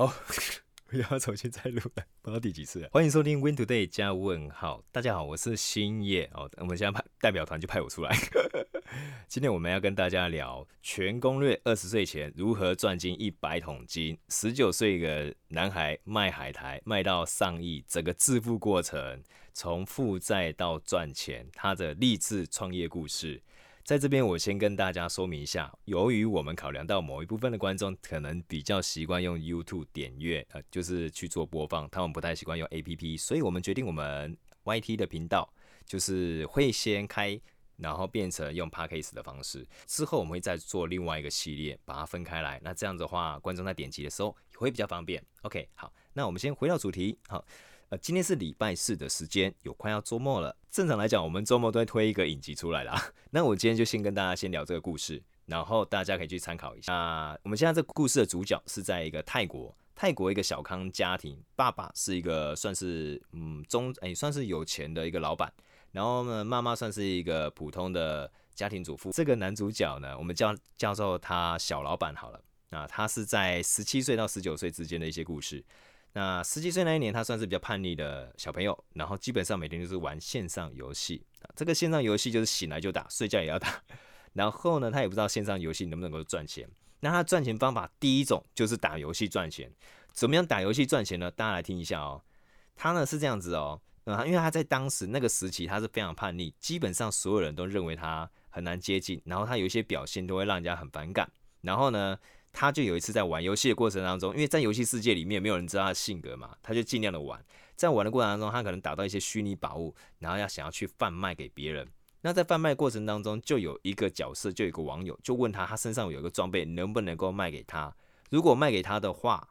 哦，我要重新再錄了，不知道第幾次了。歡迎收聽《We to day》加問號。大家好，我是星野。哦，我們現在派代表團就派我出來呵呵。今天我們要跟大家聊《全攻略》，二十歲前如何賺進一百桶金。十九歲的男孩賣海苔，賣到上億，整個致富過程從負債到賺錢，他的勵志創業故事。在這邊，我先跟大家說明一下，由於我們考量到某一部分的觀眾可能比較習慣用 YouTube 點閱，呃，就是去做播放，他們不太習慣用 A P P，所以我們決定我們 Y T 的頻道就是會先開，然後變成用 Podcast 的方式，之後我們會再做另外一個系列，把它分開來。那這樣子的話，觀眾在點擊的時候也會比較方便。OK，好，那我們先回到主題，好。呃，今天是禮拜四的時間，有快要周末了。正常來講，我們周末都會推一個影集出來啦、啊。那我今天就先跟大家先聊這個故事，然後大家可以去參考一下。我們現在這個故事的主角是在一個泰國，泰國一個小康家庭，爸爸是一個算是嗯中，也、欸、算是有錢的一個老闆。然後呢，媽媽算是一個普通的家庭主婦。這個男主角呢，我們叫叫做他小老闆好了。啊，他是在十七歲到十九歲之間的一些故事。那十七歲那一年，他算是比較叛逆的小朋友，然後基本上每天就是玩線上遊戲，這個線上遊戲就是醒來就打，睡覺也要打。然後呢，他也不知道線上遊戲能不能夠賺錢。那他賺錢方法第一種就是打遊戲賺錢。怎麼樣打遊戲賺錢呢？大家來聽一下哦。他呢是這樣子哦，因為他在當時那個時期，他是非常叛逆，基本上所有人都認為他很難接近，然後他有一些表現都會讓人家很反感。然後呢，他就有一次在玩遊戲的過程當中，因為在遊戲世界裡面沒有人知道他的性格嘛，他就盡量的玩。在玩的過程當中，他可能打到一些虛擬寶物，然後要想要去販賣給別人。那在販賣過程當中，就有一個角色，就有一個網友就問他，他身上有一個裝備能不能夠賣給他。如果賣給他的話，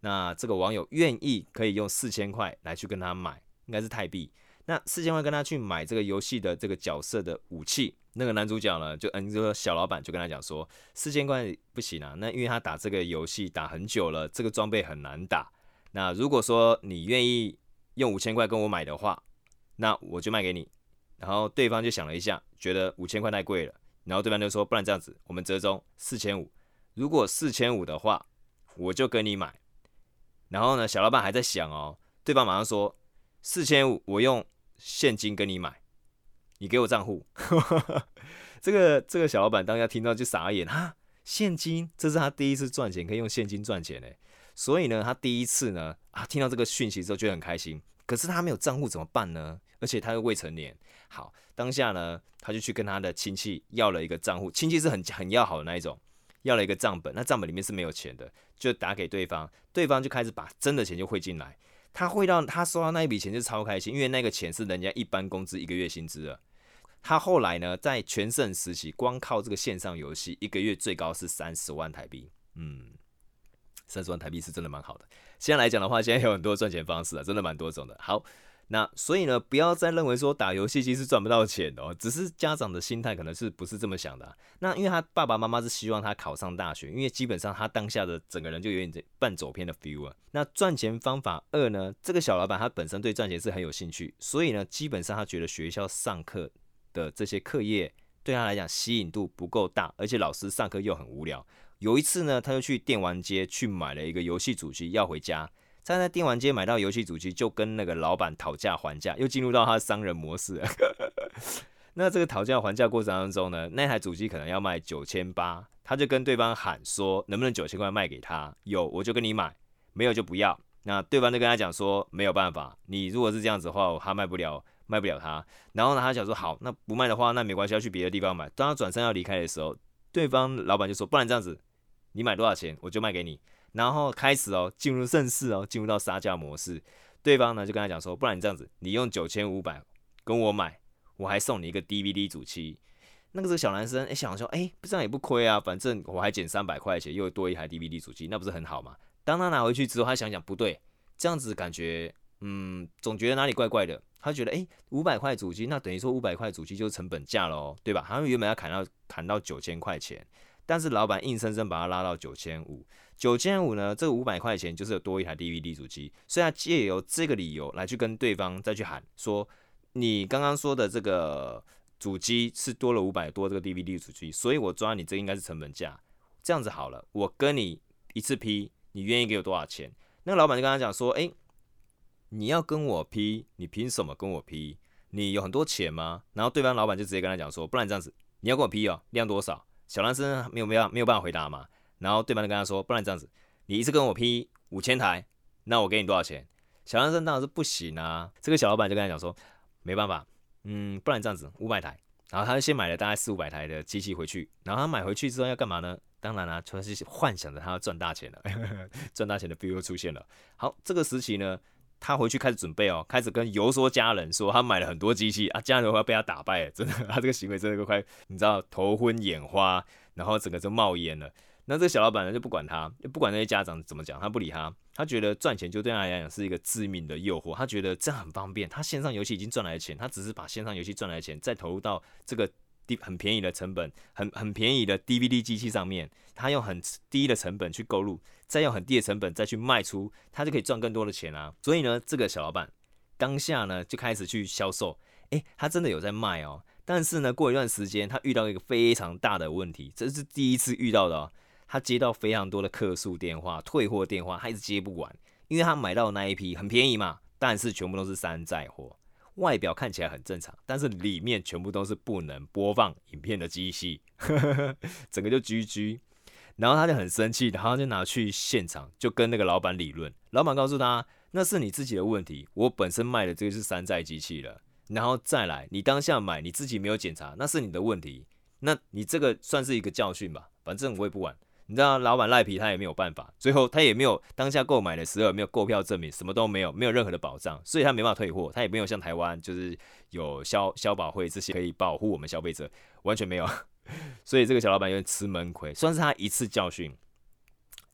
那這個網友願意可以用四千塊來去跟他買，應該是泰幣。那四千塊跟他去買這個遊戲的這個角色的武器，那個男主角呢，就嗯，就說小老闆就跟他講說，四千塊不行啊，那因為他打這個遊戲打很久了，這個裝備很難打。那如果說你願意用五千塊跟我買的話，那我就賣給你。然後對方就想了一下，覺得五千塊太貴了，然後對方就說，不然這樣子，我們折中四千五。如果四千五的話，我就跟你買。然後呢，小老闆還在想哦，對方馬上說，四千五，我用現金跟你買，你給我賬戶。 這個這個小老板當下聽到就傻眼蛤？現金，這是他第一次賺錢，可以用現金賺錢耶。所以呢，他第一次呢啊，聽到這個訊息之後，就很開心。可是他沒有賬戶怎麼辦呢？而且他又未成年。好，當下呢，他就去跟他的親戚要了一個賬戶。親戚是很很要好的那一種，要了一個賬本。那賬本裡面是沒有錢的，就打給對方，對方就開始把真的錢就匯進來。他會讓他收到那一筆錢就超開心，因為那個錢是人家一般工資一個月薪資的。他後來呢，在全盛時期，光靠這個線上遊戲，一個月最高是三十萬台幣。嗯，三十萬台幣是真的蠻好的。現在來講的話，現在有很多賺錢方式啊，真的蠻多種的。好。那所以呢，不要再認為說打遊戲機是賺不到錢的哦，只是家長的心態可能是不是這麼想的啊。那因為他爸爸媽媽是希望他考上大學，因為基本上他當下的整個人就有點半走偏的 feel 啊。那賺錢方法二呢，這個小老闆他本身對賺錢是很有興趣，所以呢，基本上他覺得學校上課的這些課業對他來講吸引度不夠大，而且老師上課又很無聊。有一次呢，他又去電玩街去買了一個遊戲主機要回家。他在電玩街買到遊戲主機，就跟那個老板討價還價，又進入到他的商人模式。 那這個討價還價過程當中呢，那台主機可能要賣九千八，他就跟對方喊說，能不能九千塊賣給他？有我就跟你買，沒有就不要。那對方就跟他講說，沒有辦法，你如果是這樣子的話，他賣不了，賣不了他。然後呢，他想說，好，那不賣的話，那沒關係，要去別的地方買。當他轉身要離開的時候，對方老板就說，不然這樣子。你買多少錢我就賣給你，然後開始哦，進入盛世哦，進入到殺價模式。對方呢，就跟他講說，不然你這樣子，你用九千五百跟我買，我還送你一個 DVD 主機。那個時候小男生哎，想說哎，這樣也不虧啊，反正我還減三百塊錢，又多一台 DVD 主機，那不是很好嗎？當他拿回去之後，他想想不對，這樣子感覺嗯，總覺得哪裡怪怪的。他覺得哎，五百塊主機，那等於說五百塊主機就是成本價咯，對吧？好像原本要砍到砍到九千塊錢。但是老板硬生生把他拉到九千五，九千五呢？這個五百塊錢就是有多一台 DVD 主機，所以他借由這個理由來去跟對方再去喊說：“你剛剛說的這個主機是多了五百多這個 DVD 主機，所以我抓你這個應該是成本價，這樣子好了，我跟你一次批，你願意給我多少錢？”那個老板就跟他講說：“哎、欸，你要跟我批，你憑什麼跟我批？你有很多錢嗎？”然後對方老板就直接跟他講說：“不然這樣子，你要跟我批哦，量多少？”小男生沒有沒有沒有辦法回答嘛，然後對方就跟他說，不然這樣子，你一次跟我批五千台，那我給你多少錢？小男生當然是不行啊，這個小老闆就跟他講說，沒辦法，嗯，不然這樣子五百台，然後他就先買了大概四五百台的機器回去，然後他買回去之後要幹嘛呢？當然了，啊，全，就是幻想着他要賺大錢了，賺 大錢的 feel 又出現了。好，這個時期呢。他回去開始準備哦，開始跟游說家人說他買了很多機器啊，家人會要被他打敗了，真的，他這個行為真的都快，你知道頭昏眼花，然後整個就冒煙了。那這個小老板呢就不管他，不管那些家長怎麼講，他不理他，他覺得賺錢就對他來講是一個致命的誘惑，他覺得這樣很方便。他線上遊戲已經賺來的錢，他只是把線上遊戲賺來的錢再投入到這個。低很便宜的成本，很很便宜的 DVD 機器上面，他用很低的成本去購入，再用很低的成本再去賣出，他就可以賺更多的錢啊！所以呢，這個小老板當下呢就開始去銷售，哎、欸，他真的有在賣哦、喔。但是呢，過一段時間，他遇到一個非常大的問題，這是第一次遇到的、喔。他接到非常多的客訴電話、退貨電話，他一直接不完，因為他買到的那一批很便宜嘛，但是全部都是山寨貨。外表看起來很正常，但是裡面全部都是不能播放影片的機器，呵呵呵，整個就 GG。然後他就很生氣，然後就拿去現場就跟那個老板理論。老板告訴他：“那是你自己的問題，我本身賣的這個是山寨機器了。然後再來，你當下買你自己沒有檢查，那是你的問題。那你這個算是一個教訓吧，反正我也不管。”你知道老闆賴皮，他也沒有辦法，最後他也沒有當下購買的時候沒有購票證明，什麼都沒有，沒有任何的保障，所以他沒辦法退貨，他也沒有像台灣就是有消消保會這些可以保護我們消費者，完全沒有， 所以這個小老闆有點吃悶虧，算是他一次教訓。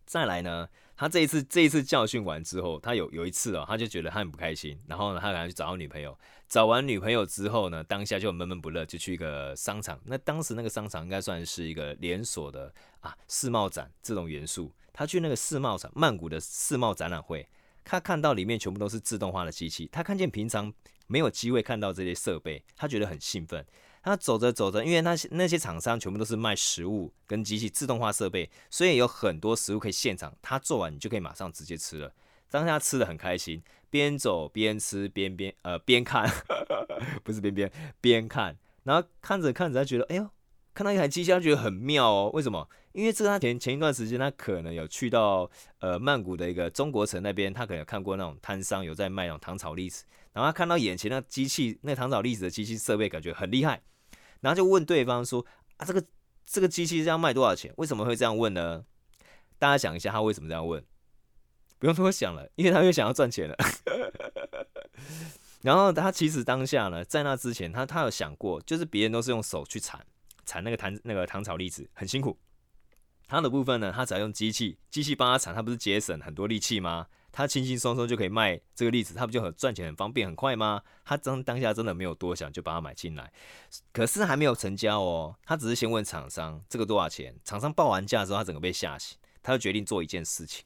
再來呢？他這一次這一次教訓完之後，他有有一次哦，他就覺得他很不開心，然後呢，他趕快去找女朋友，找完女朋友之後呢，當下就悶悶不樂，就去一個商場。那當時那個商場應該算是一個連鎖的啊世貿展這種元素。他去那個世貿場，曼谷的世貿展覽會，他看到裡面全部都是自動化的機器，他看見平常沒有機會看到這些設備，他覺得很興奮。他走着走着，因為那些那些廠商全部都是賣食物跟機器自動化設備，所以有很多食物可以現場他做完，你就可以馬上直接吃了。當下他吃得很開心，邊走邊吃邊邊呃邊看， 不是邊邊邊看，然後看着看着他覺得哎呦，看到一台機器他覺得很妙哦。為什麼？因為這個他前前一段時間他可能有去到呃曼谷的一個中國城那邊，他可能有看過那種攤商有在賣那種糖炒栗子，然後他看到眼前那、那個、的機器那糖炒栗子的機器設備感覺很厲害。然後就問對方說：“啊，這個這個機器是要賣多少錢？為什麼會這樣問呢？”大家想一下，他為什麼這樣問？不用多想了，因為他又想要賺錢了。 然後他其實當下呢，在那之前他，他他有想過，就是別人都是用手去鏟鏟那個糖那個糖炒栗子，很辛苦。他的部分呢，他只要用機器，機器幫他鏟，他不是節省很多力氣嗎？他輕輕鬆鬆就可以賣這個栗子，他不就很賺錢、很方便、很快嗎？他當當下真的沒有多想，就把它買進來。可是還沒有成交哦，他只是先問廠商這個多少錢。廠商報完價之後，他整個被嚇醒，他就決定做一件事情。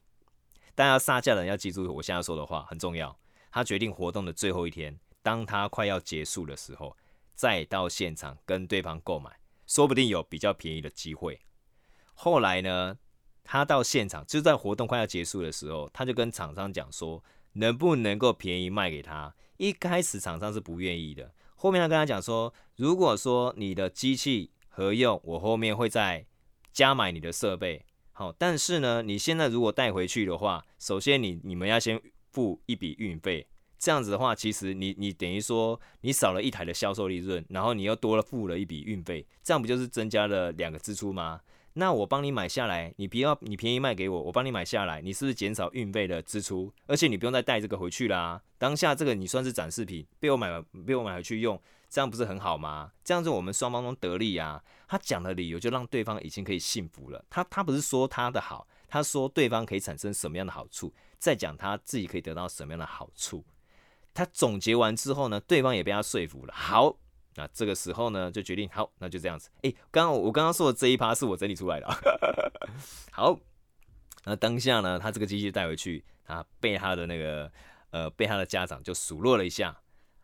大家殺價的人要記住我現在說的話，很重要。他決定活動的最後一天，當他快要結束的時候，再到現場跟對方購買，說不定有比較便宜的機會。後來呢？他到現場，就在活動快要結束的時候，他就跟廠商講說，能不能夠便宜賣給他？一開始廠商是不願意的，後面他跟他講說，如果說你的機器合用，我後面會再加買你的設備。好，但是呢，你現在如果帶回去的話，首先你你們要先付一筆運費。這樣子的話，其實你你等於說你少了一台的銷售利潤，然後你又多了付了一筆運費，這樣不就是增加了兩個支出嗎？那我幫你買下來，你不要你便宜賣給我，我幫你買下來，你是不是減少運費的支出？而且你不用再帶這個回去啦。當下這個你算是展示品，被我買，被我買回去用，這樣不是很好嗎？這樣子我們雙方都得利啊。他講的理由就讓對方已經可以信服了。他他不是說他的好，他說對方可以產生什麼樣的好處，再講他自己可以得到什麼樣的好處。他總結完之後呢，對方也被他說服了。好。那這個時候呢，就決定好，那就這樣子。誒、欸，剛剛我剛剛說的這一趴是我整理出來的、啊。 好，那當下呢，他這個機器帶回去，他被他的那個呃，被他的家長就數落了一下。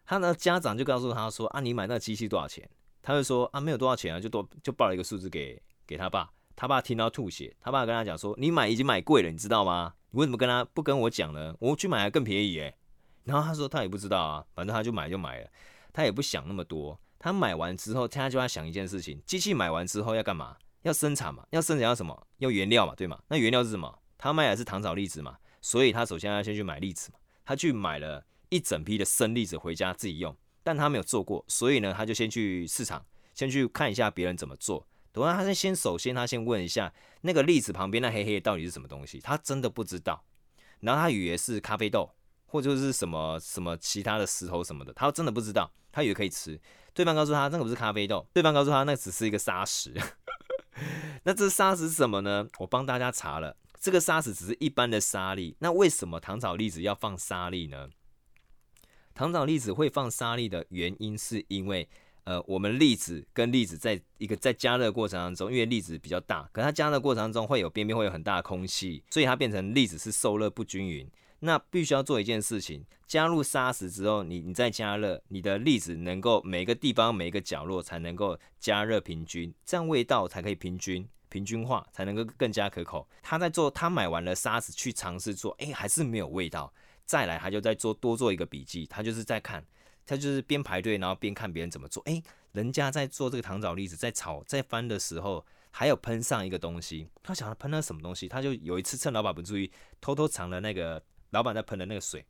他的家長就告訴他說啊，你買那機器多少錢？他就說啊，沒有多少錢啊，就多就報了一個數字給給他爸。他爸聽到吐血，他爸跟他講說，你買已經買貴了，你知道嗎？你為什麼跟他不跟我講呢？我去買還更便宜耶、欸。然後他說他也不知道啊，反正他就買就買了。他也不想那麼多，他買完之後，他就要想一件事情：機器買完之後要幹嘛？要生產嘛？要生產要什麼？要原料嘛？對嗎？那原料是什麼？他賣的是糖炒栗子嘛，所以他首先要先去買栗子嘛。他去買了一整批的生栗子回家自己用，但他沒有做過，所以呢，他就先去市場，先去看一下別人怎麼做。等嗎？他先先首先他先問一下那個栗子旁邊那黑黑到底是什麼東西，他真的不知道。然後他以為是咖啡豆。或者是什麼什麼其他的石頭什麼的，他真的不知道，他以為可以吃。對方告訴他，那個不是咖啡豆。對方告訴他，那個、只是一個砂石。 那這砂石是什麼呢？我幫大家查了，這個砂石只是一般的沙粒。那為什麼糖炒栗子要放沙粒呢？糖炒栗子會放沙粒的原因，是因為呃，我們栗子跟栗子在一個在加熱過程當中，因為栗子比較大，可它加熱過程當中會有邊邊會有很大的空氣，所以它變成栗子是受熱不均勻。那必須要做一件事情，加入沙子之後你、你你再加熱，你的栗子能夠每一個地方每一個角落才能夠加熱平均，這樣味道才可以平均，平均化才能夠更加可口。他在做，他買完了沙子去嘗試做，哎、欸，還是沒有味道。再來，他就在做多做一個筆記，他就是在看，他就是邊排隊然後邊看別人怎麼做。哎、欸，人家在做這個糖炒栗子在炒在翻的時候，還有噴上一個東西。他想要噴了什麼東西？他就有一次趁老闆不注意，偷偷藏了那個。老闆在噴的那個水，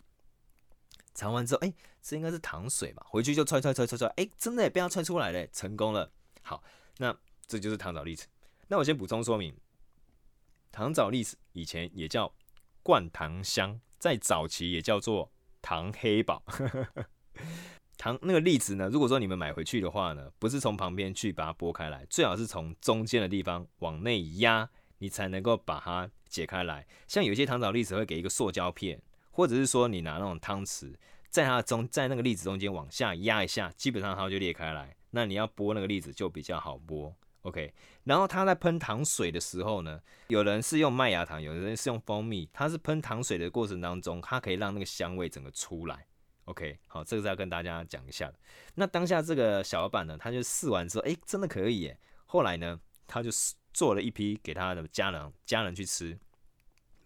嘗完之後，哎、欸，這應該是糖水吧？回去就踹踹踹踹踹，哎、欸，真的被他踹出來了，成功了。好，那這就是糖炒栗子。那我先補充說明，糖炒栗子以前也叫灌糖香，在早期也叫做糖黑寶。 糖那個栗子呢，如果說你們買回去的話呢，不是從旁邊去把它剝開來，最好是從中間的地方往內壓，你才能夠把它。解開來，像有些糖炒栗子會給一個塑膠片，或者是說你拿那種湯匙，在它中，在那個栗子中間往下壓一下，基本上它就裂開來。那你要剝那個栗子就比較好剝。OK，然後它在噴糖水的時候呢，有人是用麥芽糖，有人是用蜂蜜，它是噴糖水的過程當中，它可以讓那個香味整個出來。OK，好，這個是要跟大家講一下的。那當下這個小老闆呢，他就試完之後，哎、欸，真的可以耶。後來呢，他就。做了一批給他的家人，家人去吃。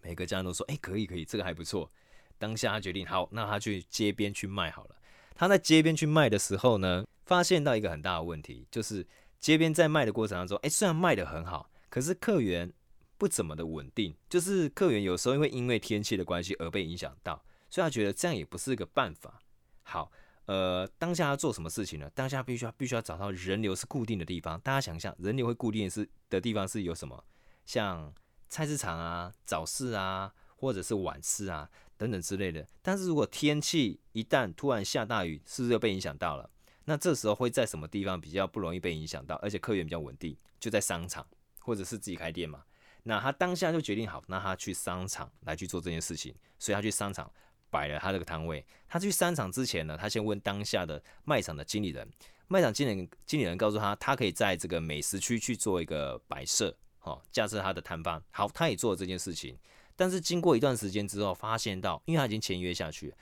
每個家人都說：“哎，可以，可以，這個還不錯。”當下他決定，好，那他去街邊去賣好了。他在街邊去賣的時候呢，發現到一個很大的問題，就是街邊在賣的過程當中，哎，雖然賣得很好，可是客源不怎麼的穩定，就是客源有時候會因為天氣的關係而被影響到，所以他覺得這樣也不是個辦法。好。呃，當下要做什麼事情呢？當下必須必須要找到人流是固定的地方。大家想想，人流會固定的是的地方是有什麼？像菜市場啊、早市啊，或者是晚市啊等等之類的。但是如果天氣一旦突然下大雨，是不是又被影響到了？那這時候會在什麼地方比較不容易被影響到，而且客源比較穩定？就在商場，或者是自己開店嘛。那他當下就決定好，那他去商場來去做這件事情。所以他去商場。擺了他的這個攤位，他去商場之前呢，他先問當下的賣場的經理人，賣場經理經理人告訴他，他可以在這個美食區去做一個擺設，哦，架設他的攤販。好，他也做了這件事情，但是經過一段時間之後，發現到，因為他已經簽約下去了，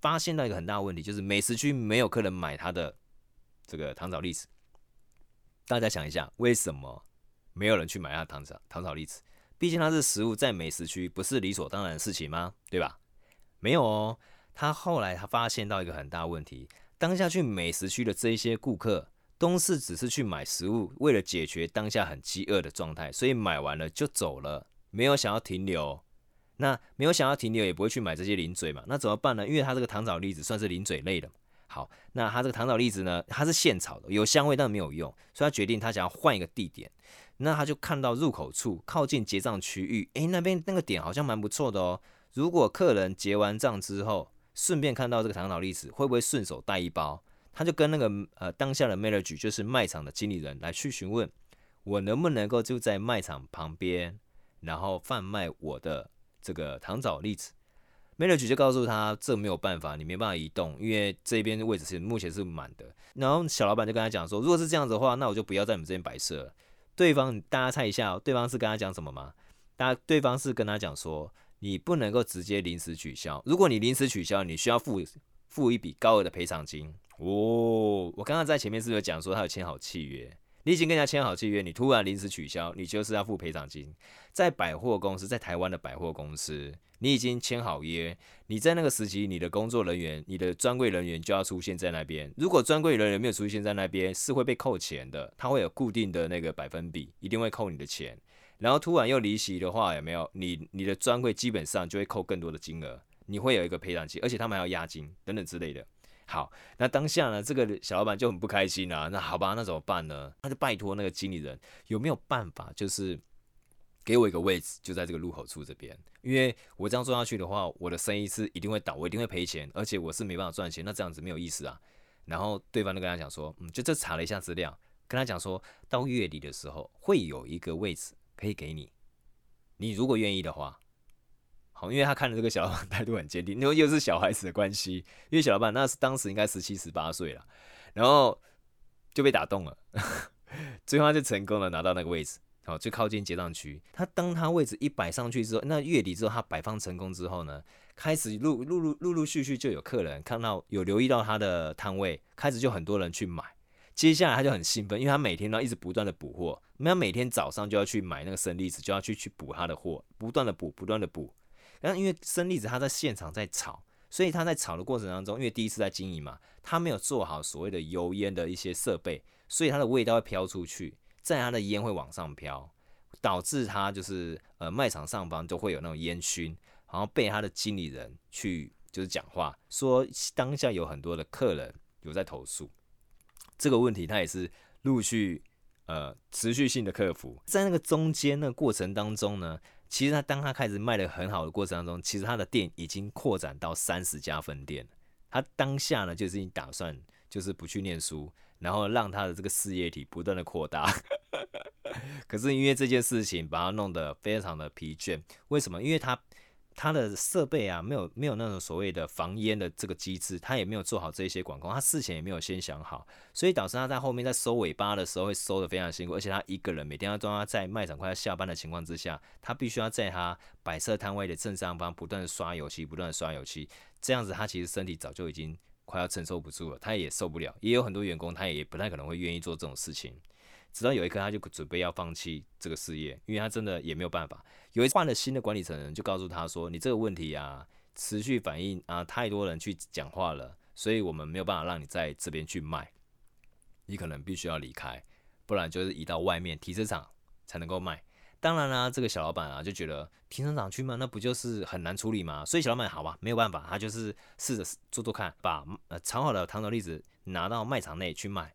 發現到一個很大的問題，就是美食區沒有客人買他的這個糖炒栗子。大家想一下，為什麼沒有人去買他的糖炒糖炒栗子？畢竟他是食物，在美食區不是理所當然的事情嗎？對吧？沒有哦，他後來他發現到一個很大問題，當下去美食區的這一些顧客，都是只是去買食物，為了解決當下很飢餓的狀態，所以買完了就走了，沒有想要停留，那沒有想要停留，也不會去買這些零嘴嘛，那怎麼辦呢？因為他這個糖炒栗子算是零嘴類的，好，那他這個糖炒栗子呢，它是現炒的，有香味但沒有用，所以他決定他想要換一個地點，那他就看到入口處靠近結賬區域，哎，那邊那個點好像蠻不錯的哦。如果客人結完賬之後，順便看到這個糖炒栗子，會不會順手帶一包？他就跟那個呃當下的 manager，就是賣場的經理人來去詢問，我能不能夠就在賣場旁邊，然後販賣我的這個糖炒栗子。manager 就告訴他，這沒有辦法，你沒辦法移動，因為這邊的位置是目前是滿的。然後小老闆就跟他講說，如果是這樣子的話，那我就不要在你們這邊擺設了。對方，大家猜一下，對方是跟他講什麼嗎？大家，對方是跟他講說。你不能夠直接臨時取消。如果你臨時取消，你需要付付一筆高額的賠償金。哦，我剛剛在前面是不是有講說，他有簽好契約，你已經跟人家簽好契約，你突然臨時取消，你就是要付賠償金。在百貨公司，在台灣的百貨公司，你已經簽好約，你在那個時期，你的工作人員、你的專櫃人員就要出現在那邊。如果專櫃人員沒有出現在那邊，是會被扣錢的。他會有固定的那個百分比，一定會扣你的錢。然後突然又離席的話，有沒有你你的專櫃基本上就會扣更多的金額，你會有一個賠償金，而且他們還要押金等等之類的。好，那當下呢，這個小老闆就很不開心啊。那好吧，那怎麼辦呢？他就拜託那個經理人有沒有辦法，就是給我一個位置，就在這個入口處這邊，因為我這樣做下去的話，我的生意是一定會倒，我一定會賠錢，而且我是沒辦法賺錢，那這樣子沒有意思啊。然後對方就跟他講說，嗯，就這查了一下資料，跟他講說到月底的時候會有一個位置。可以給你，你如果願意的話，好，因為他看了這個小老闆態度很堅定，因為又是小孩子的關係，因為小老闆那是當時應該十七十八歲了，然後就被打動了呵呵，最後他就成功了拿到那個位置，好，就靠近結賬區。他當他位置一擺上去之後，那月底之後他擺放成功之後呢，開始陸陸陸陸陸續續就有客人看到，有留意到他的攤位，開始就很多人去買。接下來他就很興奮，因為他每天都一直不斷的補貨，他每天早上就要去買那個生栗子，就要去去補他的貨，不斷的補，不斷的補。然後因為生栗子他在現場在炒，所以他在炒的過程當中，因為第一次在經營嘛，他沒有做好所謂的油煙的一些設備，所以他的味道會飄出去，在他的煙會往上飄，導致他就是呃賣場上方就會有那種煙燻，然後被他的經理人去就是講話，說當下有很多的客人有在投訴。這個問題他也是陸續呃持續性的克服，在那個中間那個過程當中呢，其實他當他開始賣的很好的過程當中，其實他的店已經擴展到三十家分店，他當下呢就是已經打算就是不去念書，然後讓他的這個事業體不斷的擴大， 可是因為這件事情把他弄得非常的疲倦，為什麼？因為他。他的設備啊，沒有沒有那種所謂的防煙的這個機制，他也沒有做好這些管控，他事前也沒有先想好，所以導致他在後面在收尾巴的時候會收得非常辛苦，而且他一個人每天要裝他在賣場快要下班的情況之下，他必須要在他擺設攤位的正上方不斷的刷油漆，不斷的刷油漆，這樣子他其實身體早就已經快要承受不住了，他也受不了，也有很多員工他也不太可能會願意做這種事情。直到有一刻，他就準備要放棄這個事業，因為他真的也沒有辦法。有一次換了新的管理層人，就告訴他說：“你這個問題啊，持續反映啊，太多人去講話了，所以我們沒有辦法讓你在這邊去賣，你可能必須要離開，不然就是移到外面停車場才能夠賣。”當然啦、啊，這個小老闆啊就覺得停車場去賣，那不就是很難處理嗎？所以小老闆好吧，沒有辦法，他就是試着做做看，把呃炒好的糖炒栗子拿到賣場內去賣，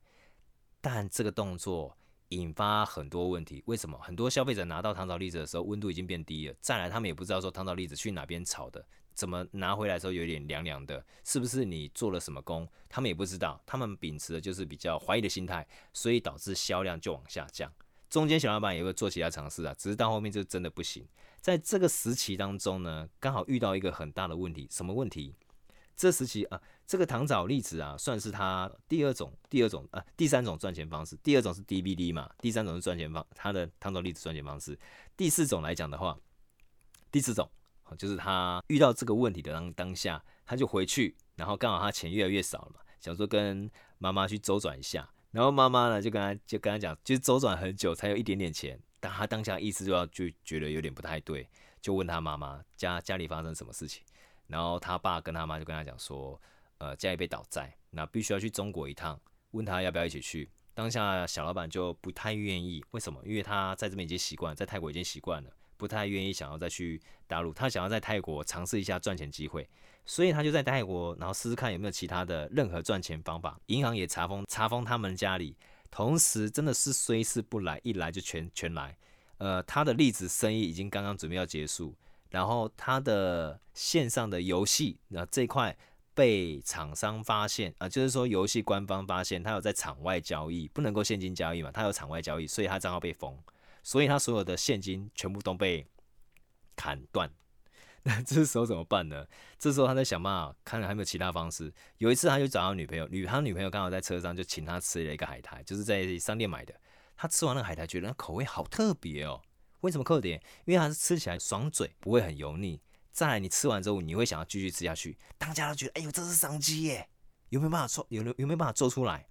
但這個動作，引發很多問題，為什麼很多消費者拿到糖炒栗子的時候溫度已經變低了？再來，他們也不知道說糖炒栗子去哪邊炒的，怎麼拿回來的時候有點涼涼的，是不是你做了什麼工？他們也不知道，他們秉持的就是比較懷疑的心態，所以導致銷量就往下降。中間小老板也會做其他嘗試啊，只是到後面就真的不行。在這個時期當中呢，剛好遇到一個很大的問題，什麼問題？這時期啊，這個糖炒栗子啊，算是他第二種、第二種啊、第三種賺錢方式。第二種是 DVD 嘛，第三種是賺錢方，他的糖炒栗子賺錢方式。第四種來講的話，第四種就是他遇到這個問題的當當下，他就回去，然後剛好他錢越來越少了嘛，想說跟媽媽去周轉一下。然後媽媽呢，就跟他就跟他講，就是周轉很久才有一點點錢，但他當下意思就要就覺得有點不太對，就問他媽媽家家裡發生什麼事情。然後他爸跟他媽就跟他講說，呃，家裡被倒債，那必須要去中國一趟，問他要不要一起去。當下小老闆就不太願意，為什麼？因為他在這邊已經習慣，在泰國已經習慣了，不太願意想要再去大陸。他想要在泰國嘗試一下賺錢機會，所以他就在泰國，然後試試看有沒有其他的任何賺錢方法。銀行也查封，查封他們家裡。同時，真的是衰事不來，一來就全全來。呃，他的栗子生意已經剛剛準備要結束。然後他的線上的遊戲，那這塊被廠商發現啊、呃，就是說遊戲官方發現他有在場外交易，不能夠現金交易嘛，他有場外交易，所以他賬號被封，所以他所有的現金全部都被砍斷。那 這時候怎麼辦呢？這時候他在想辦法，看看還有沒有其他方式。有一次他就找到女朋友，女他女朋友剛好在車上，就請他吃了一個海苔，就是在商店買的。他吃完了海苔，覺得那口味好特別哦。為什麼扣點？因為它是吃起來爽嘴，不會很油膩。再來，你吃完之後，你會想要繼續吃下去。當下他覺得，哎呦，這是商機耶，有沒有辦法做？有有沒有辦法做出來？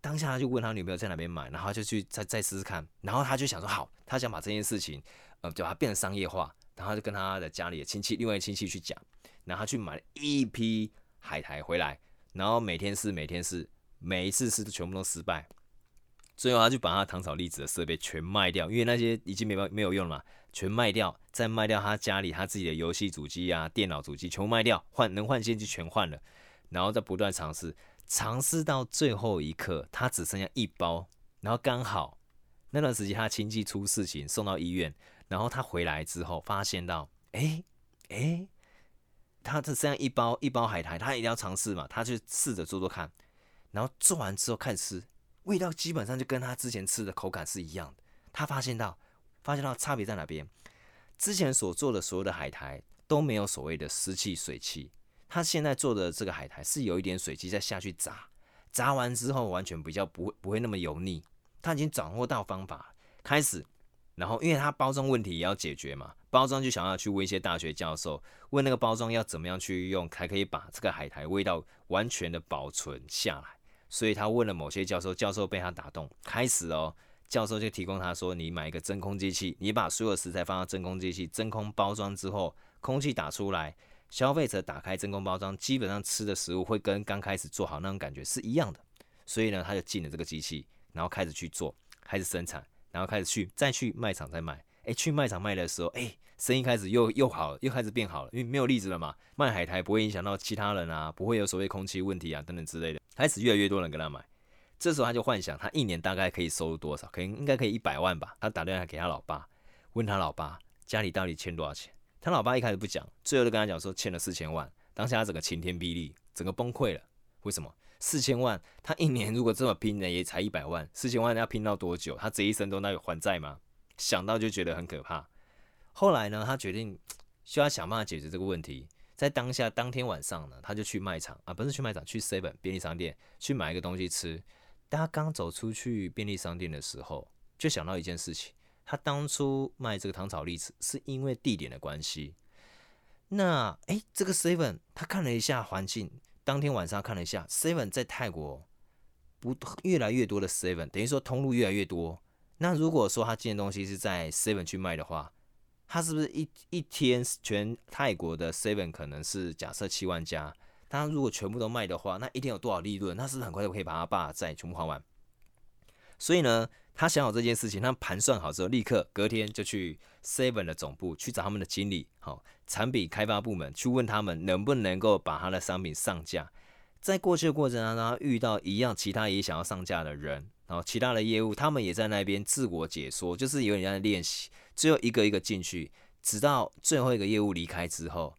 當下他就問他女朋友在哪邊買，然後他就去再再試試看。然後他就想說，好，他想把這件事情，呃，就把它變成商業化。然後他就跟他的家裡的親戚、另外親戚去講。然後他去買了一批海苔回來，然後每天試，每天試，每一次試都全部都失敗。最後，他就把他糖炒栗子的設備全賣掉，因為那些已經沒辦沒有用了嘛，全賣掉，再賣掉他家裡他自己的遊戲主機啊、電腦主機，全部賣掉，換能換現金全換了，然後再不斷嘗試，嘗試到最後一刻，他只剩下一包，然後剛好那段時間他親戚出事情送到醫院，然後他回來之後發現到，哎、欸、哎、欸，他只剩下一包一包海苔，他一定要嘗試嘛，他就試着做做看，然後做完之後開始吃。味道基本上就跟他之前吃的口感是一樣的。他發現到，發現到差別在哪邊？之前所做的所有的海苔都沒有所謂的濕氣、水氣。他現在做的這個海苔是有一點水氣，再下去炸，炸完之後完全比較不會不會那麼油膩。他已經掌握到方法，開始，然後因為他包裝問題也要解決嘛，包裝就想要去問一些大學教授，問那個包裝要怎麼樣去用，才可以把這個海苔味道完全的保存下來。所以他問了某些教授，教授被他打動，開始哦，教授就提供他說，你買一個真空機器，你把所有食材放到真空機器，真空包裝之後，空氣打出來，消費者打開真空包裝，基本上吃的食物會跟剛開始做好那種感覺是一樣的。所以呢，他就進了這個機器，然後開始去做，開始生產，然後開始去再去賣場再賣。哎，去賣場賣的時候，哎。生意開始又又好，又開始變好了，因為沒有栗子了嘛，賣海苔不會影響到其他人啊，不會有所謂空氣問題啊等等之類的，開始越來越多人跟他買。這時候他就幻想他一年大概可以收入多少，可能應該可以一百萬吧。他打電話給他老爸，問他老爸家裡到底欠多少錢。他老爸一開始不講，最後就跟他講說欠了四千萬。當下他整個晴天霹靂，整個崩潰了。為什麼？四千萬，他一年如果這麼拼的也才一百萬，四千萬要拼到多久？他這一生都那有還債嗎？想到就覺得很可怕。後來呢，他決定需要想辦法解決這個問題。在當下當天晚上呢，他就去賣場啊，不是去賣場，去 Seven 便利商店去買一個東西吃。當他剛走出去便利商店的時候，就想到一件事情：他當初賣這個糖炒栗子是因為地點的關係。那哎、欸，這個 Seven，他看了一下環境，當天晚上看了一下 Seven 在泰國不越來越多的 Seven，等於說通路越來越多。那如果說他進的東西是在 Seven 去賣的話，他是不是一一天全泰國的 Seven 可能是假設七萬家，他如果全部都賣的話，那一天有多少利潤？那是不是很快就可以把他爸債全部還完。所以呢，他想好這件事情，他盤算好之後，立刻隔天就去 Seven 的總部去找他們的經理，好、哦、產品開發部門去問他們能不能夠把他的商品上架。在過去的過程當中，他遇到一樣其他也想要上架的人。然後其他的業務，他們也在那邊自我解說，就是有人在練習，只有一個一個進去，直到最後一個業務離開之後，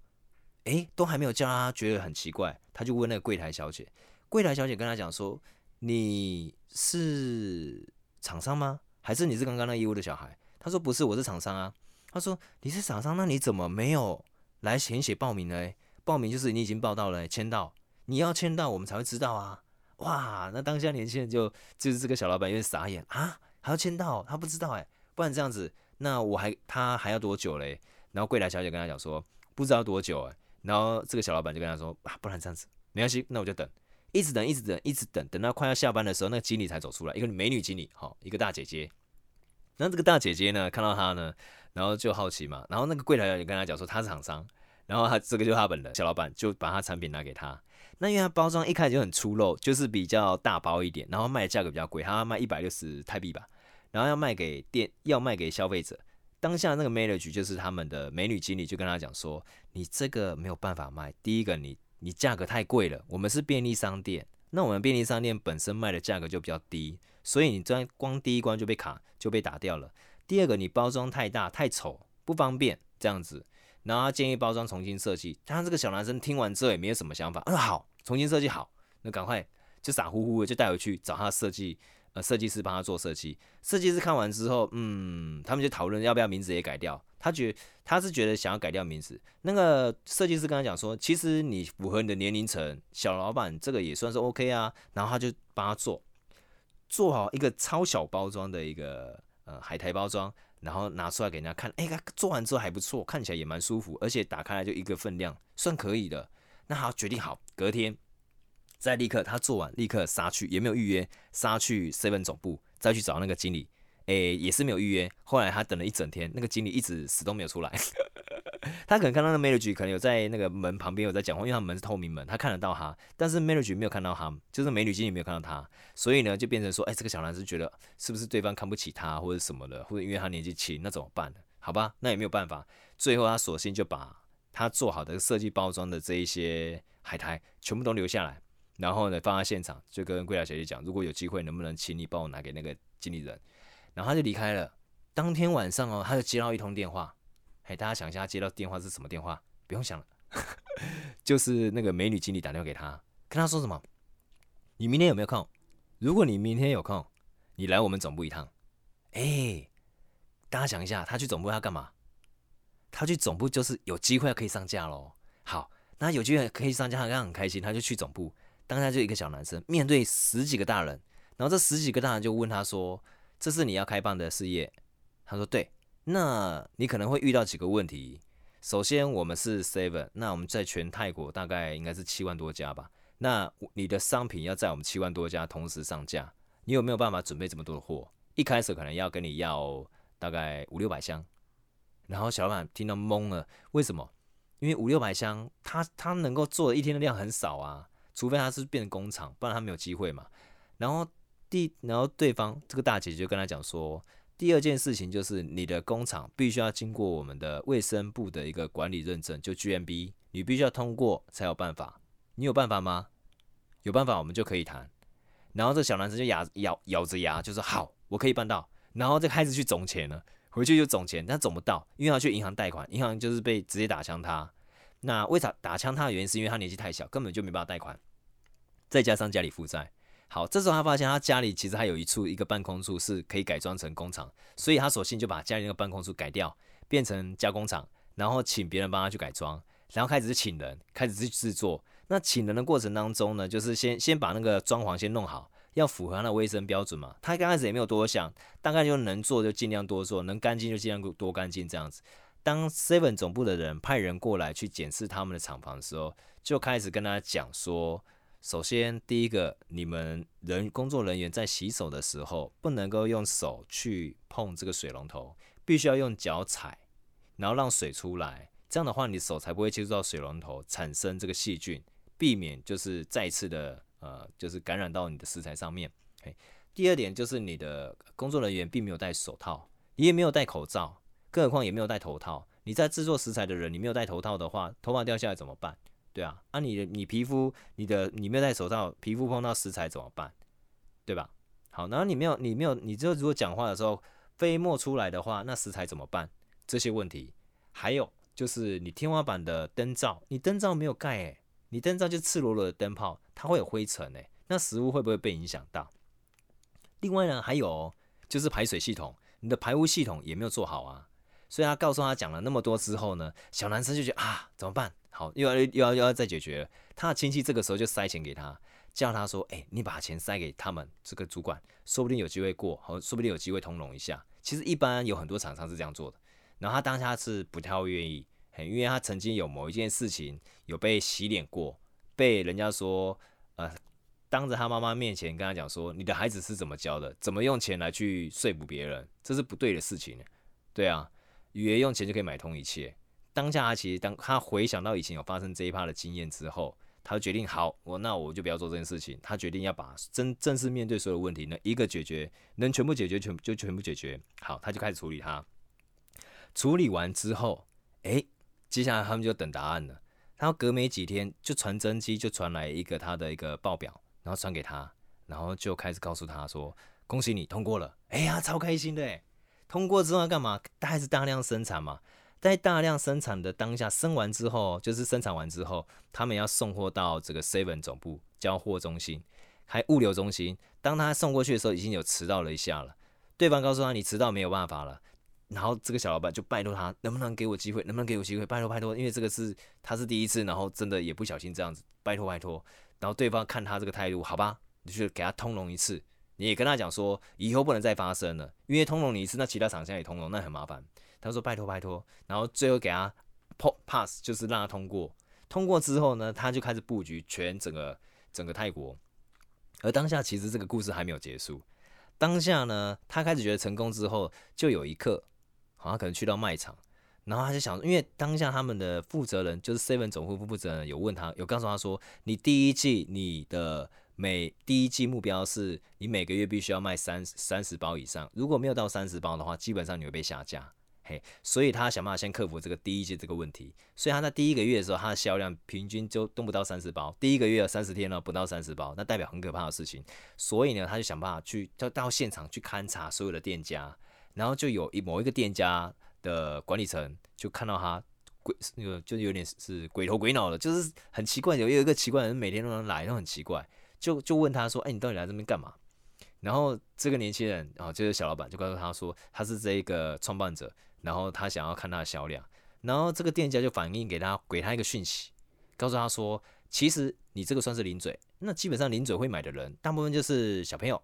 誒，都還沒有叫他，覺得很奇怪，他就問那個櫃台小姐，櫃台小姐跟他講說，你是廠商嗎？還是你是剛剛那業務的小孩？他說不是，我是廠商啊。他說你是廠商，那你怎麼沒有來填寫，寫報名呢？報名就是你已經報到了，簽到，你要簽到我們才會知道啊。哇，那當下年輕人就就是這個小老板有點傻眼啊，還要簽到，他不知道哎，不然這樣子，那我還他還要多久嘞？然後櫃台小姐跟他講說，不知道多久哎，然後這個小老板就跟他說，啊，不然這樣子沒關係，那我就等，一直等，一直等，一直等，等到快要下班的時候，那個經理才走出來，一個美女經理，好，一個大姐姐。然後這個大姐姐呢，看到他呢，然後就好奇嘛，然後那個櫃台小姐跟他講說，他是廠商，然後他這個就是他本人，小老板就把他產品拿給他。那因為它包裝一開始就很粗陋，就是比較大包一點，然後賣的價格比較貴，它要賣一百六十泰幣吧，然後要賣給店，要賣給消費者。當下那個 manager 就是他們的美女經理，就跟他講說，你這個沒有辦法賣。第一個你，你你價格太貴了，我們是便利商店，那我們便利商店本身賣的價格就比較低，所以你專光第一關就被卡，就被打掉了。第二個，你包裝太大太醜，不方便，這樣子。然後他建議包裝重新設計，但他這個小男生聽完之後也沒有什麼想法，嗯好，重新設計好，那趕快就傻乎乎的就帶回去找他的設計呃設計師幫他做設計，設計師看完之後，嗯，他們就討論要不要名字也改掉，他覺得他是覺得想要改掉名字，那個設計師跟他講說，其實你符合你的年齡層，小老闆這個也算是 OK 啊，然後他就幫他做，做好一個超小包裝的一個呃海苔包裝。然後拿出來給人家看，哎、欸，他做完之後還不錯，看起來也蠻舒服，而且打開來就一個分量，算可以的。那他決定好，隔天再立刻他做完立刻殺去，也沒有預約，殺去 Seven 總部，再去找那個經理，哎、欸，也是沒有預約。後來他等了一整天，那個經理一直死都沒有出來。他可能看到那個 manager 可能有在那個門旁邊有在講話，因為他門是透明門，他看得到他，但是 manager 沒有看到他，就是美女經理沒有看到他，所以呢就變成說，哎、欸，這個小男生覺得是不是對方看不起他或者什麼的，或者因為他年紀輕，那怎麼辦？好吧，那也沒有辦法，最後他索性就把他做好的設計包裝的這一些海苔全部都留下來，然後呢放在現場，就跟櫃台小姐講，如果有機會能不能請你幫我拿給那個經理人，然後他就離開了。當天晚上哦，他就接到一通電話。哎，大家想一下，接到電話是什麼電話？不用想了， 就是那個美女經理打電話給他，跟他說什麼？你明天有沒有空？如果你明天有空，你來我們總部一趟。哎、欸，大家想一下，他去總部要幹嘛？他去總部就是有機會可以上架咯。好，那有機會可以上架，他剛剛很開心，他就去總部。當下就一個小男生面對十幾個大人，然後這十幾個大人就問他說：“這是你要開辦的事業？”他說：“對。”那你可能會遇到幾個問題。首先，我們是 Seven，那我們在全泰國大概應該是七萬多家吧。那你的商品要在我們七萬多家同時上架，你有沒有辦法準備這麼多的貨？一開始可能要跟你要大概五六百箱，然後小老闆聽到懵了，為什麼？因為五六百箱，他他能夠做的一天的量很少啊，除非他是變成工廠，不然他沒有機會嘛。然後第，然後對方這個大姐姐就跟他講說。第二件事情就是你的工廠必須要經過我們的衛生部的一個管理認證，就 GMB，你必須要通過才有辦法。你有辦法嗎？有辦法我們就可以談。然後這小男生就咬咬咬牙咬咬着牙就說、是：“好，我可以辦到。”然後就開始去總錢了，回去就總錢，但總不到，因為他去銀行貸款，銀行就是被直接打槍他。那為啥打槍他的原因是因為他年紀太小，根本就沒辦法貸款，再加上家裡負債。好，這時候他發現他家裡其實還有一處一個辦公處是可以改裝成工廠，所以他索性就把家裡那個辦公處改掉，變成加工廠，然後請別人幫他去改裝，然後開始請人，開始去制作。那請人的過程當中呢，就是先先把那個裝潢先弄好，要符合他的衛生標準嘛。他剛開始也沒有多想，大概就能做就盡量多做，能乾淨就盡量多乾淨這樣子。當 Seven 總部的人派人過來去檢視他們的廠房的時候，就開始跟他講說。首先，第一個，你們人工作人員在洗手的時候，不能夠用手去碰這個水龍頭，必須要用腳踩，然後讓水出來，這樣的話，你手才不會接觸到水龍頭，產生這個細菌，避免就是再次的，呃，就是感染到你的食材上面。嘿。第二點就是你的工作人員並沒有戴手套，你也沒有戴口罩，更何況也沒有戴頭套。你在制作食材的人，你沒有戴頭套的話，頭髮掉下來怎麼辦？對啊，啊你你，你的你皮膚，你的你沒有戴手套，皮膚碰到食材怎麼辦？對吧？好，然後你沒有你沒有，你就如果講話的時候飛沫出來的話，那食材怎麼辦？這些問題，還有就是你天花板的燈罩，你燈罩沒有蓋哎，你燈罩就赤裸裸的燈泡，它會有灰塵哎，那食物會不會被影響到？另外呢，還有就是排水系統，你的排污系統也沒有做好啊，所以他告訴他講了那麼多之後呢，小男生就覺得啊，怎麼辦？好，又要又要又要再解決了。他的親戚這個時候就塞錢給他，叫他說：“哎、欸，你把錢塞給他們這個主管，說不定有機會過，好，說不定有機會通融一下。”其實一般有很多廠商是這樣做的。然後他當下是不太會願意，很因為他曾經有某一件事情有被洗臉過，被人家說呃，當着他媽媽面前跟他講說：“你的孩子是怎麼教的？怎麼用錢來去說服別人？這是不對的事情。”對啊，以為用錢就可以買通一切。當下他其實當他回想到以前有發生這一趴的經驗之後，他就決定好我那我就不要做這件事情。他決定要把真正式面對所有問題呢，一個解決能全部解決全就全部解決。好，他就開始處理他。處理完之後，哎、欸，接下來他們就等答案了。然後隔沒幾天，就傳真機就傳來一個他的一個報表，然後傳給他，然後就開始告訴他說恭喜你通過了。哎、欸、呀，超開心的。通過之後要幹嘛？他還是大量生產嘛。在大量生產的當下，生完之後就是生產完之後，他們要送貨到這個 Seven 總部交貨中心，還物流中心。當他送過去的時候，已經有遲到了一下了。對方告訴他：“你遲到沒有辦法了。”然後這個小老板就拜托他：“能不能給我機會？能不能給我機會？拜托拜托，因為這個是他是第一次，然後真的也不小心這樣子，拜托拜托。”然後對方看他這個態度，好吧，你就給他通融一次。你也跟他講說，以後不能再發生了，因為通融你一次，那其他廠商也通融，那很麻煩。他說：“拜託，拜託。”然後最後給他 pass，就是讓他通過。通過之後呢，他就開始布局全整個整個泰國。而當下其實這個故事還沒有結束。當下呢，他開始覺得成功之後，就有一刻好像可能去到賣場，然後他就想，因為當下他們的負責人就是 Seven 總部負責人有問他，有告訴他說：“你第一季你的每第一季目標是你每個月必須要賣三三十包以上，如果沒有到三十包的話，基本上你會被下架。”嘿，hey, 所以他想辦法先克服這個第一季這個問題，所以他在第一個月的時候，他的銷量平均就動不到三十包。第一個月三十天呢，不到三十包，那代表很可怕的事情。所以呢，他就想辦法去到到現場去勘察所有的店家，然後就有一某一個店家的管理層就看到他鬼那個就有點是鬼頭鬼腦的，就是很奇怪，有一個奇怪的人每天都能來，都很奇怪，就就問他說：“哎、欸，你到底來這邊幹嘛？”然後這個年輕人啊，這、就、個、是、小老板就告訴他說：“他是這一個創辦者。”然後他想要看它的銷量，然後這個店家就反映給他，給他一個訊息，告訴他說，其實你這個算是零嘴，那基本上零嘴會買的人，大部分就是小朋友，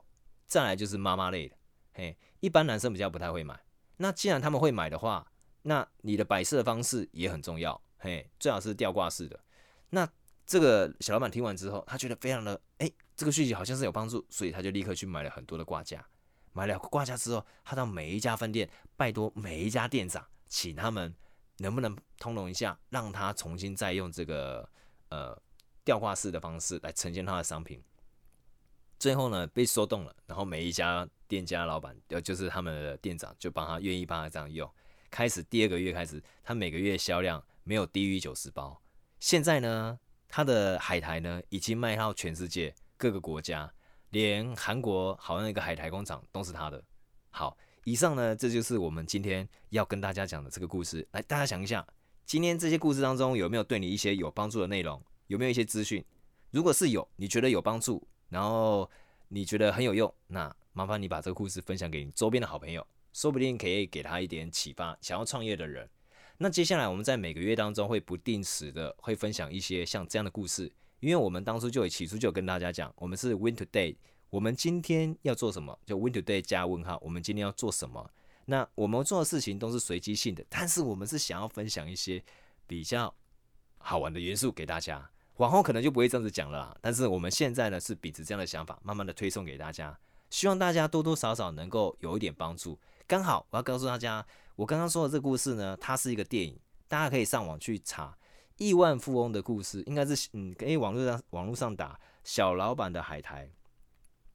再來就是媽媽類的，嘿，一般男生比較不太會買。那既然他們會買的話，那你的擺設方式也很重要，嘿，最好是吊掛式的。那這個小老闆聽完之後，他覺得非常的，哎，這個訊息好像是有幫助，所以他就立刻去買了很多的掛架。買了個掛架之後，他到每一家分店拜托每一家店長，請他們能不能通融一下，讓他重新再用這個呃吊掛式的方式來呈現他的商品。最後呢，被說動了，然後每一家店家老板呃就是他們的店長就幫他願意幫他這樣用。開始第二個月開始，他每個月銷量沒有低於九十包。現在呢，他的海苔呢已經賣到全世界各個國家。連韓國好像一個海苔工廠都是他的。好，以上呢，這就是我們今天要跟大家講的這個故事。來，大家想一下，今天這些故事當中有沒有對你一些有幫助的內容？有沒有一些資訊？如果是有，你覺得有幫助，然後你覺得很有用，那麻煩你把這個故事分享給你周邊的好朋友，說不定可以給他一點啟發，想要創業的人。那接下來我們在每個月當中會不定時的會分享一些像這樣的故事。因為我們當初就起初就有跟大家講，我們是 We to day，我們今天要做什麼？就 We to day 加問號，我們今天要做什麼？那我們做的事情都是隨機性的，但是我們是想要分享一些比較好玩的元素給大家。往後可能就不會這樣子講了啦，但是我們現在呢是秉持這樣的想法，慢慢的推送給大家，希望大家多多少少能夠有一點幫助。剛好我要告訴大家，我剛剛說的這個故事呢，它是一個電影，大家可以上網去查。億萬富翁的故事應該是，嗯，可以網絡上網絡上打“小老板的海苔”，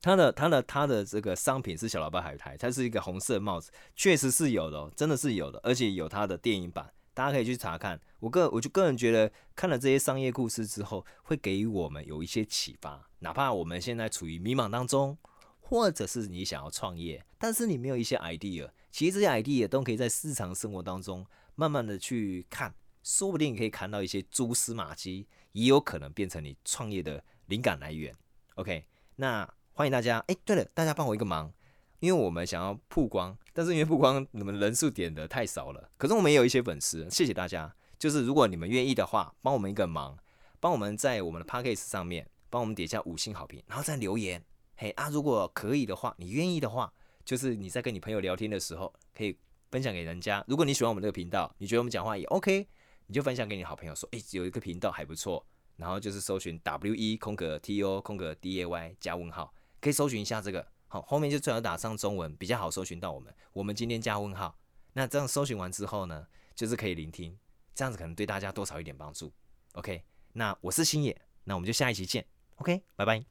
他的它的它的這個商品是小老板海苔，它是一個紅色帽子，確實是有的，真的是有的，而且有它的電影版，大家可以去查看。我個我就個人覺得，看了這些商業故事之後，會給予我們有一些啟發，哪怕我們現在處於迷茫當中，或者是你想要創業，但是你沒有一些 idea，其實這些 idea 都可以在日常生活當中慢慢的去看。說不定你可以看到一些蛛絲馬跡，也有可能變成你創業的靈感來源。OK，那歡迎大家。哎，對了，大家幫我一個忙，因為我們想要曝光，但是因為曝光你們人數點的太少了，可是我們也有一些粉絲，謝謝大家。就是如果你們願意的話，幫我們一個忙，幫我們在我們的 Podcast 上面幫我們點一下五星好評，然後再留言。嘿，啊，如果可以的話，你願意的話，就是你在跟你朋友聊天的時候可以分享給人家。如果你喜歡我們這個頻道，你覺得我們講話也 OK。你就分享給你好朋友說，誒、欸，有一個頻道還不錯，然後就是搜尋 W E 空格 T O 空格 D A Y 加問號，可以搜尋一下這個。好，後面就最好打上中文，比較好搜尋到我們。我們今天加問號，那這樣搜尋完之後呢，就是可以聆聽，這樣子可能對大家多少一點幫助。OK，那我是星野，那我們就下一期見。OK，拜拜。